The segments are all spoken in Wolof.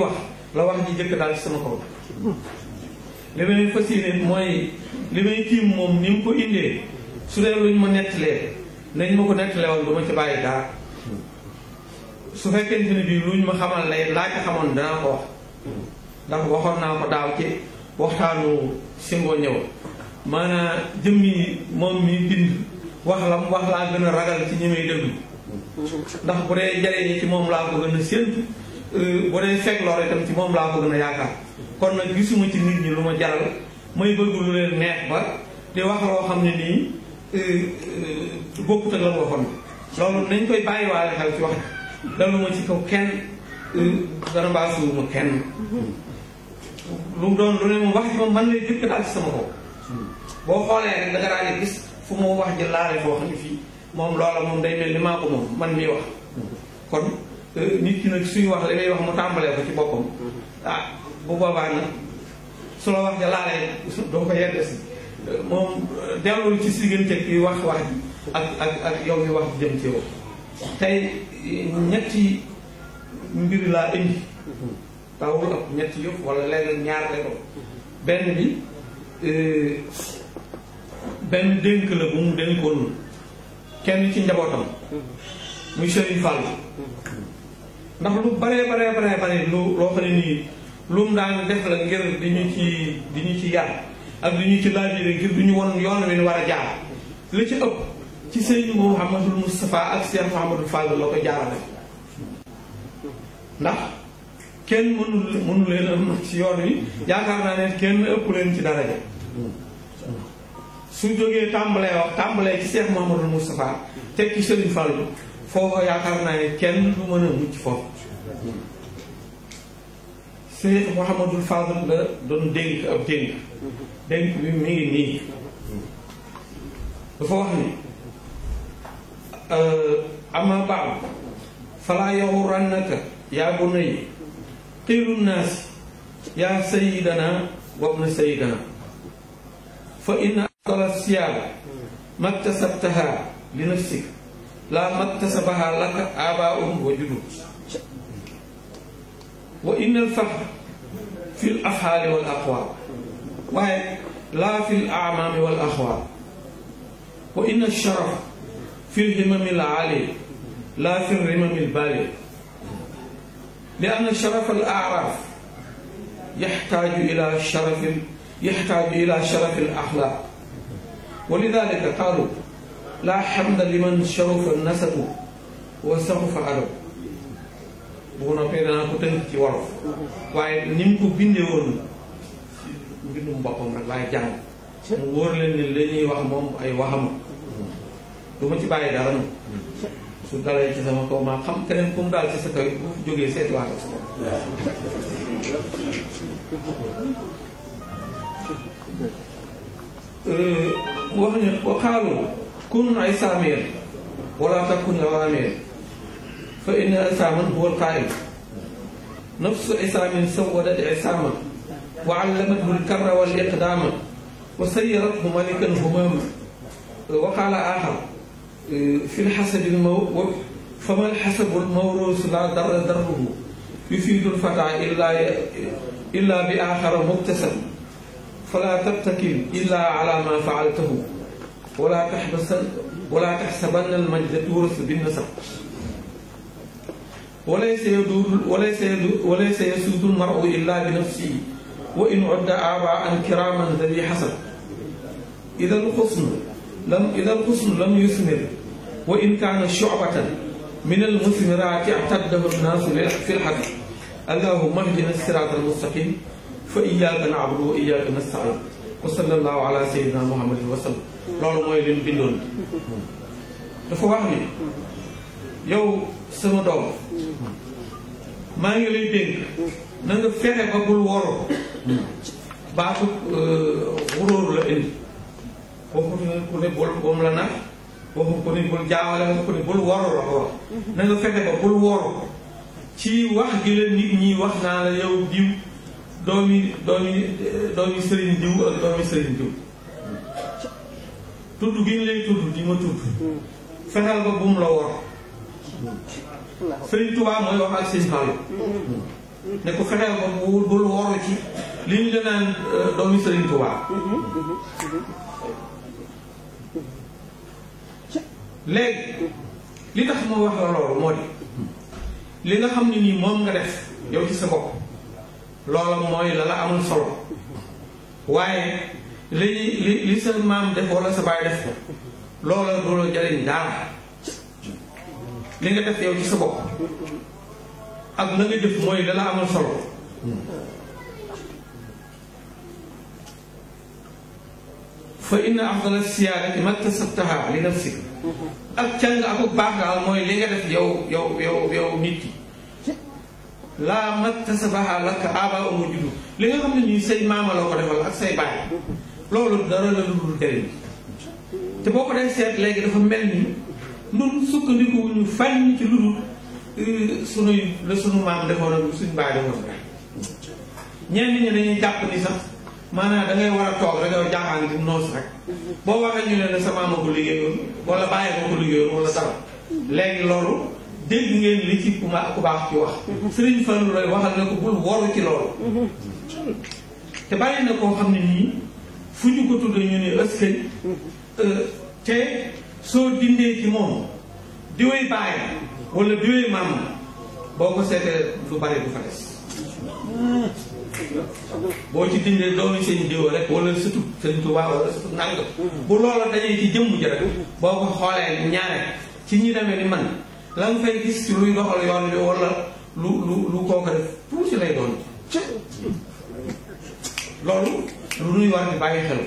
wax la wax ji jëkk daal ci sama kaw li may fas mooy li may tiim moom ni mu ko indee su dee luñ ma nettalee nañ ma ko nettalewal du ma ci bàyyi dara fekkente ne bii luñ ma xamal lay laa ci xamoon danaa ko wax ndax waxoon naa ko daaw ci moom mi bind wax laa gën a ragal ci ñi may ndax bu dee jariñe ci moom laa ko gën a séentu Euh, bu dee fekk lor itam ci moom laa ko gën a yaakaar kon nag gisuma ci nit ñi lu ma jaral may bëgg lu leen neex ba di wax loo xam ne nii euh, euh, bokkut ak la mu waxoon loolu nañ koy bàyyiwaale xel ci wax dalu ma ci kaw kenn dara kenn lu doon lu ne moom wax ci moom man lay jëkk daal ci sama kaw boo xoolee rek da daal di gis fu mu wax ji laale foo xam ne fii moom loola moom day mel ni maa ko moom man mii wax kon nit ki nag suy wax li ngay wax mu tàmbalee ko ci boppam mm-hmm. ah bu boobaa nag su la wax ja laalee doo ko yedde si moom dellul ci siggante ki wax wax ji ak ak yow mi wax ji jëm ci yow tey ñetti mbir laa indi tawul mm-hmm. ak ñetti yëpp wala léeg ñaar le mm-hmm. benn bi euh, benn dénk la bu mu dénkoon kenn ci njabootam muy Serigne Fall ndax lu baree baree baree bare lu loo xam ne nii lum daan def la ngir di ñu ci di ñu ci yar ak di ñu ci laajire ngir du ñu won yoon wi ñu war a jaar li ci ëpp ci sëñ Mouhamadul Moustapha ak sëñ Mouhamadul Fall loo ko jaarale ndax kenn mënu mënu leen a ci yoon wi yaakaar naa ne kenn ëpp leen ci daraja su jógee tàmbalee wax tàmbalee ci Cheikh Mouhamadul Moustapha teg ci Serigne foo foofu yaakaar naa ne kenn du mën a mucc foofu Seex Mouhamadul Fadl la doon dénk ab dénk dénk bi mi ngi nii dafa wax ni euh, ama baab falaa yaxurannaka yaa bunayya xiilu naas yaa sayidana wabna sayidana fa inna afdala siyaaba maktasabtaha li nafsika laa maktasabaha laka abaa'uhum wa judud وإن الفقه في الأحال والأقوال وهي لا في الأعمام والأخوال وإن الشرف في الهمم العالي لا في الرمم البالي لأن الشرف الأعراف يحتاج إلى شرف يحتاج إلى شرف الأخلاق ولذلك قالوا لا حمد لمن شرف النسب وسقف عرب bu noppee danaa ko tënk ci wolof waaye ni mu ko bindee woon mbindum boppam rek laay jàng mu wóor leen ni li wax moom ay waxam du ma ci bàyyi dara moom su dalee ci sama kaw maa xam keneen ku mu daal ci sa kaw bu jógee seeti waaye sa kaw euh, wax ne ko kun ay saameel wala takun awaameel فإن عصاما هو القائد نفس عصام سودت عصاما وعلمته الكر والإقدام وسيرته ملكا هماما وقال آخر في الحسد الموقف فما الحسب الموروث لا در دره يفيد الفتى إلا إلا بآخر مكتسب فلا تتكل إلا على ما فعلته ولا تحبس ولا تحسبن المجد تورث بالنسب وليس يدور وليس يدور وليس يسود المرء إلا بنفسه وإن عد آباء كراما ذوي حسب إذا الخصم لم إذا الخصم لم يثمر وإن كان شعبة من المثمرات اعتده الناس في الحق اللهم اهدنا الصراط المستقيم فإياك نعبد وإياك نستعين وصلى الله على سيدنا محمد وسلم لول موي لين بيندون دا wax ni yow sama maa ngi lay dénk na fexe ba bul woroo baatu xuróor euh, la indi waxuñu ku ne bul boom la nag waxu ku bul jaawale waxu ku bul woroo la ko wax na nga fexe ba bul woroo ci wax gi la nit ñi wax naa la yow diw doomi doomi doomi sëriñ diw ak doomi sëriñ diw tudd gi lay tudd di ma tudd fexeel ba bum la wor Sëriñ Tuubaa mooy wax ak sëriñ Fallou ne ko fexeel ba bu bul waru ci li ñu deneen euh, doomi Sëriñ léegi li tax ma wax loolu moo di li nga xam ne nii moom nga def yow ci sa bopp loola mooy la la amul solo waaye li li li sa maam def wala sa baay def ko loola du la jariñ daal li nga def yow ci sa bopp ak la nga jëf mooy dala amal solo fa inna afdala siyaadati ma kasabtaha li nafsi ak càng ak baax daal mooy li nga def yow yow yow yow nit sa laa ma kasabaha laka aba uma juddu li nga xam ne nii say maama la ko defal ak say baay loolu dara la lu dul jëriñ te boo ko dee seet léegi dafa mel ni ñun sukkandikuwuñu fenn ci lu dul euh, sunuy la sunu maam defoon ak suñu baay defoon rek. ñenn ñi jàpp ni sax maanaam da ngay war a toog rek yow jaaxaan di noos rek boo waxee ñu ne ne sa maam a ko liggéeyoon wala bàyyi ko ko liggéeyoon wala léegi loolu dégg ngeen li ci ku ma ku baax ci wax. Sëriñ Fallu lay waxal ne ko bul waru ci loolu. te bàyyi na koo xam ne nii fu ñu ko tuddee ñu ne ëskëñ. Euh, te. soo dindee ci moom diwee baay wala diwee maam boo ko seetee lu bari du fa des boo ci dindee doomi seen diw rek wala surtout seen Tuubaa wala surtout nangam bu loola dajee ci jëmm ji boo ko xoolee ñaare ci ñi demee ni man lan nga fay gis ci luy doxal yoon bi wala lu lu lu kooka def tuuti lay doon loolu lu nuy war di bàyyi xel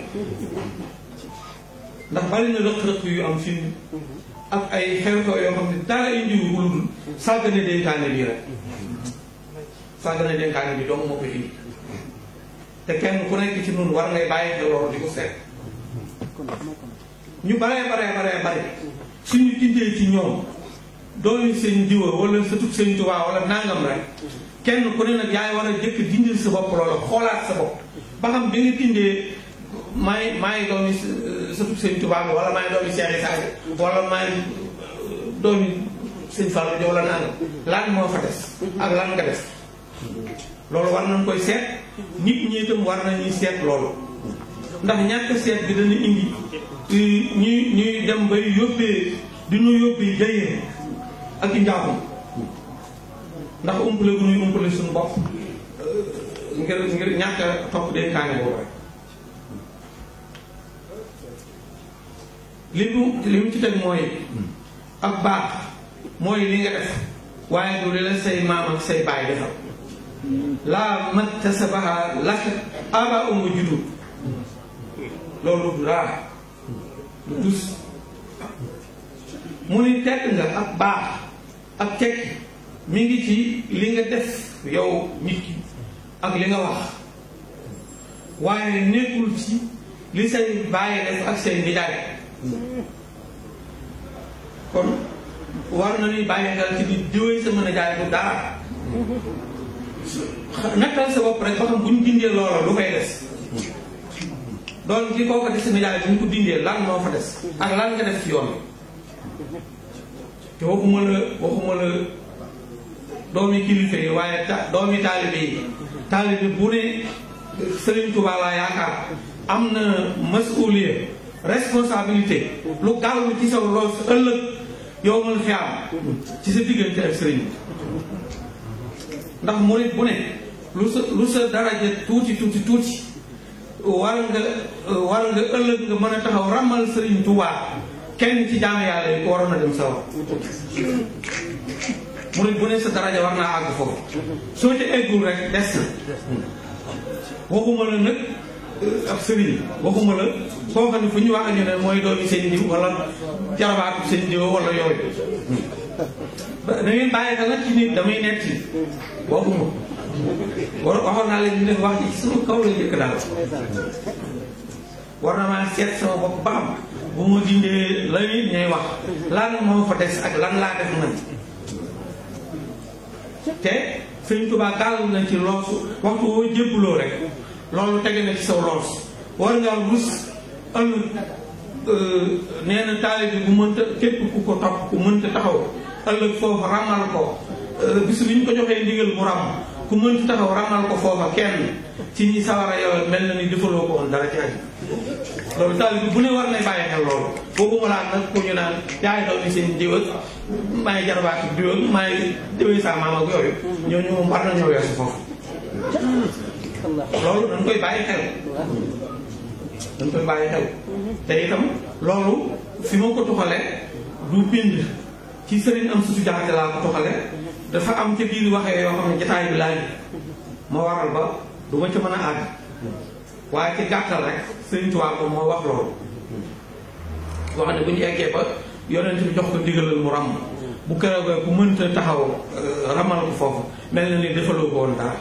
ndax bari na rëq-rëq yu am fii ak ay xew-xew yoo xam ne dara indiwu ko lu dul sàggane dénkaane bi rek sàggane dénkaane bi dong moo ko indi te kenn ku nekk ci nun war ngay bàyyi loolu di ko seet ñu baree baree baree bari suñu tindee ci ñoom doon seen diwa wala sa tub seen tubaa wala nangam rek kenn ku ne nag yaay war a jëkk dindil sa bopp loola xoolaat sa bopp ba xam bi nga tindee maay maay doomi eh, sëtu sëñ Tuubaa bi wala maay doomi Cheikh Issa bi wala maay eh, doomi sëñ Fallou Diop la naan lan moo fa des ak lan nga des loolu war nañ koy seet nit ñi itam war nañuy seet loolu ndax ñàkk seet bi dañu indi eh, ñuy ñuy dem bay yóbbee di ñu yóbbee jayeen ak i njaaxum ndax umpale bu ñuy umpale suñu bopp ngir ngir ñàkk topp dénkaane boobu rek li mu li mu ci teg mooy ak baax mooy li nga def waaye du li la say maam say baay defal laa maktasabaha lak um juddu loolu du dara du mu ni tekk nga ak baax ak tekki mi ngi ci li nga def yow nit ki ak li nga wax waaye nekkul ci li say bàyyi def ak say nijaay kon war na ñuy bàyyi xel ci di diwee sa mën a jaay bu dara nattal sa bopp rek ba bu ñu dindee loola lu fay des doon ci kooku des sa média bi bu ñu ko dindee lan moo fa des ak lan nga def ci yoon te waxuma la waxuma la doomi kilifa yi waaye ta- doomi taalibe yi taalibe bu ne Sëriñ Tuubaa laa yaakaar am na masuuliya responsabilité lu gaaw lu ci saw lool sa ëllëg yow mën xeyaam ci sa diggante ak sëriñ ndax murit bu ne lu sa lu sa daraja tuuti tuuti tuuti war nga war nga ëllëg nga mën a taxaw ràmmal sëriñ Tuubaa kenn ci jaamu yàlla yi ko waroon a dem sa war murit bu ne sa daraja war naa àgg foofu soo ca eggul rek des na waxuma la nag ab sëriñ waxuma la koo xam ne fu ñu wax ñu ne mooy doomi seen diw wala jarabaatu seen diw wala yooyu da ngeen bàyyi dara ci nit damay nekk waxuma waxoon naa leen ñu def wax ci sama kaw la njëkk daal war na maa seet sama bopp ba bu ma dindee la nit ñay wax lan moo fa des ak lan laa def man te sëñ Tuubaa gàll na ci loosu waxtu woo jébbaloo rek loolu tege na ci saw loos war ngaa rus ëllëg euh, nee na taalibe bu mënta képp ku ko topp ku mënta taxaw ëllëg foofu ramal ko euh, bis bi ñu ko joxee ndigal mu ram ku mënta taxaw ramal ko foofa kenn ci ñi sawara yow mel na ni defaloo ko woon dara ci loolu taalibe bu ne war nay bàyyi xel loolu boobu ma laan nag ku ñu naan yaay doon ni seen diw ak maay jarbaati diw ak maay saa maam ak yooyu ñooñu moom war nañoo weesu foofu loolu dañ koy bàyyi xel. dañ koy bàyyi xel. te itam loolu fi ma ko tuxale du bind ci sëriñ am su jaxate laa ko tuxale dafa am ca biir waxee yoo xam ne jotaay bi laaj ma waral ba du ma ca mën a àgg waaye ci gàttal rek sëriñ Tuubaa moom moo wax loolu wax ne bu ñu eggee ba yonent bi jox ko ndigalal mu ràmm bu keroog bu mënta taxaw ramal ko foofu mel na ni defaloo ko dara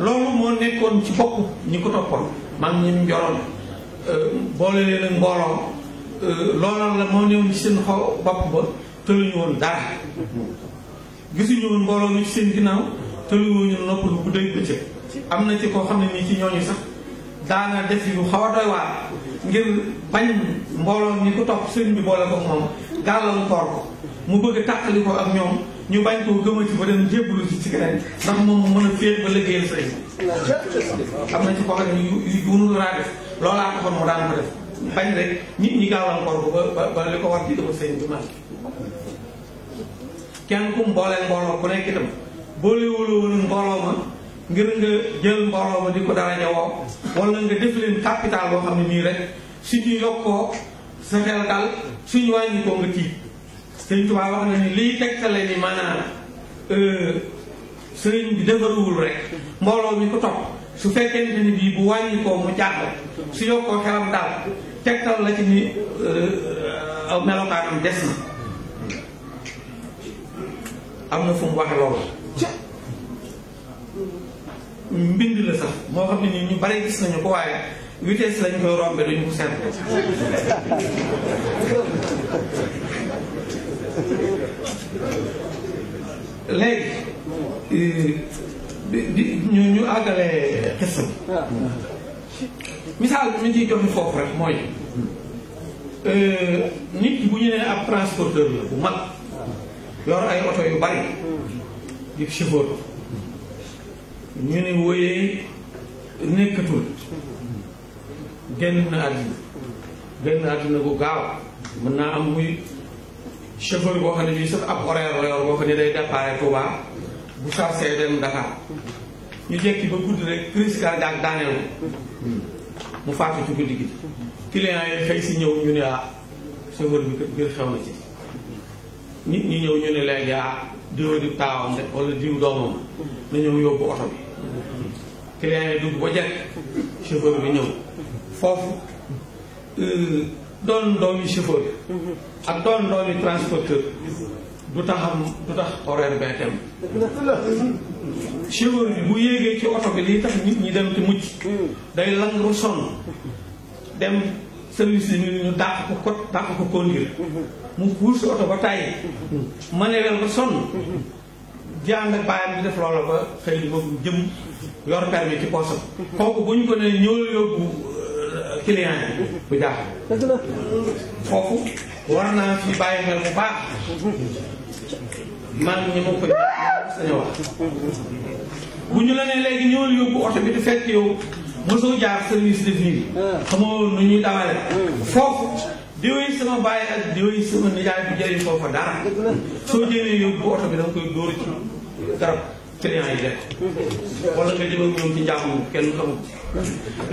loolu moo nekkoon ci bopp ñi ko toppoon man ñi njoroon euh, boole leen ak mbooloo euh, loolal la moo newoon ci seen xaw bopp ba tëluñu woon dara gisuñu woon mbooloo mi ci seen ginnaaw tëluwuñu nopp lu bu day bëccëg am na ci koo xam ne nii ci ñooñu sax daana def yu xaw a doy waar ngir bañ mbooloo ñi ko topp seen bi boole ko moom gàllal koor ko mu bëgg tàqali ak ñoom ñu bañ koo gëmati ba dana jébbalu ci keneen ndax moom mën a féet ba liggéeyal sëriñ am na ci koo xam ne yu mënul raa def loolaa ko def ko ba ba li ko war ci dama sëriñ bi kenn ku mboolee mbooloo ku nekk itam boolewul woon mbooloo ma ngir nga jël mbooloo ma di ko dara ñëwoo wala nga def leen capital boo xam ne nii rek suñu yokkoo sa xel dal suñu wàññi ko nga tiit sëñ Tuubaa wax na ni liy tegtale ni maanaam euh, sëriñ bi defaruwul rek mbooloo mi ko topp su fekkente ni bii bu wàññi ko mu jàll su yokkoo xelam daal tegtal la ni euh, aw melokaanam des na am na fu mu loolu mbind la sax moo xam ne nii ñu bare gis nañu ko waaye vitesse lañ koy rombe duñu ko seetlu léegi euh, di ñu ñu àggale xis ah. misaal bi ñu ciy joxe foofu rek mooy euh, nit bu ñu nee ab transporteur la bu mag yor ay oto yu bari di chauffeur ñu ne wooyee nekkatul génn na àddina génn àddina bu gaaw mën naa am muy chauffeur boo xam ne bii sax ab horaire la yor boo day départ Touba bu sarsee dem Dakar ñu jekki ba guddi rek crise cardiaque daaneel mu faatu ci guddi gi client yi xëy si ñëw ñu ne ah chauffeur bi kër biir xew na ci nit ñi ñëw ñu ne léegi ah diw di taawam de wala diw doomam na ñëw yóbbu oto bi client yi dugg ba jekk chauffeur bi ñëw foofu euh, doon doomi chauffeur ak doon doomi transporteur du taxam du tax horaire bee dem chauffeur bi bu yéegee ci oto bi lii tax nit ñi dem ci mujj day langru sonn dem service yi ñu dàq ko kot dàq ko conduire mu wuur oto ba tàyyi maneereel ko sonn jàng ak di def loola ba xëy li boobu jëm yor permis ci poosam kooku bu ñu ko ne ñëw yóbbu euh, client bu jaaxal foofu war naa fi bàyyi xel bu baax man ñi ma koy sañ wax bu ñu la nee léegi ñëwal yóbbu oto bi di fekk yow mosoo jaar service de ville xamoo nu ñuy dawale foofu diwéy sama bàyyi ak diwéy sama nijaay bu jëriñ foofa dara soo jëlee yóbbu oto bi da nga koy dóor ci garab client yi def wala nga jëm ak ñoom ci jàmm kenn xamul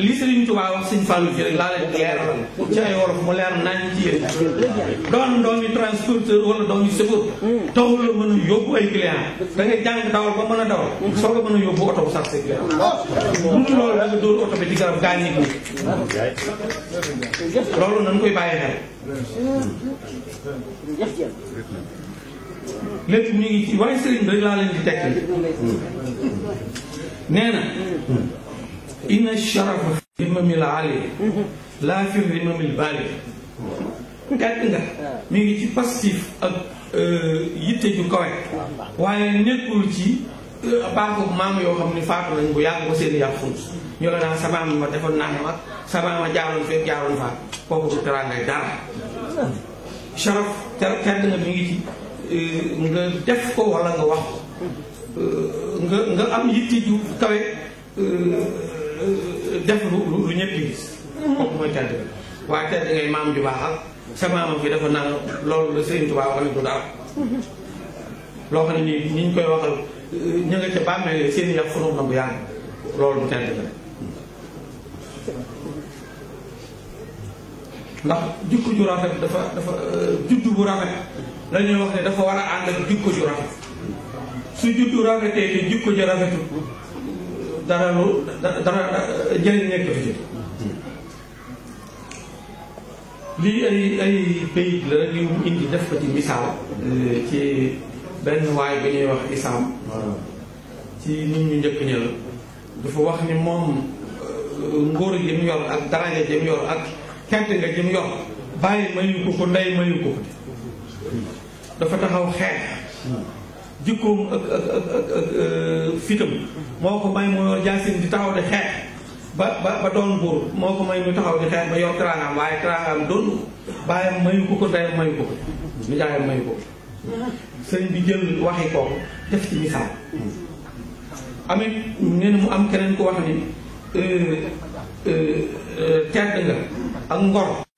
lii Serigne Touba wax Serigne Fallou ci rek laa leen leeral ci ay wolof mu leer nañ ci yéen doon doomi transporteur wala doomi chauffeur taxul la mën a yóbbu ay client da nga jàng dawal ba mën a dawal soo ko mën a yóbbu oto bu sax sa client a loolu da nga dóor oto bi garab gaañ nit ñi loolu nañ koy bàyyi xel lépp mi ngi ci waaye sëriñ bi laa leen di tekk nee inna sharafa fi rimamil nga mi ngi ci passif ak euh, yitte ju kawe waaye nekkul ci euh, baaxu maam yoo xam ne faatu nañ bu yàgg ba seen yàqu ñu la naa sama ma defoon naa ma sama maam ma jaaroon fekk jaaroon faat kooku du teraangay dara sharaf ter tedd nga mi ngi ci Euh, nga def ko wala nga wax ko euh, nga nga am yitte ju kawe euh, def lu lu ñëpp gis kooku mooy tedd bi waaye tedd ngay maam ju baaxal sa maamam bi dafa naan loolu la Sëriñ Tuubaa wax dara loo xam ne nii ni koy waxal ñu nga ca bàmmeel seen yàq foroom na bu yàgg loolu bu tedd la ndax jikko ju rafet dafa dafa euh, juddu bu rafet la wax ne dafa war a ànd ak jikko ju rafet su juddu rafetee te jikko ju rafetu dara lu dara jëriñ nekk fi lii ay ay bayit la rek indi def ko ci misaal euh, ci benn waay bi ñuy wax isaam ci nit ñu njëkk ñi dafa wax ni moom euh, ngóor gi mu yor ak daraja ji mu yor ak tedd nga jëm yor bàyyi mayu ko ko ndey mayu ko ko dafa taxaw xeex jikkoom ak ak ak ak euh, fitam moo ko may mu yor jaasin di taxaw di xeex ba ba ba doon buur moo ko may mu taxaw di xeex ba yor teraangaam waaye teraangaam doon bàyyam mayu ko ko ndeyam mayu ko ko ñu jaayam mayu ko sëriñ bi jël waxi kooku def ci misaal amit nee na mu am keneen ku wax ni euh, Euh, euh, tedd nga ak ngor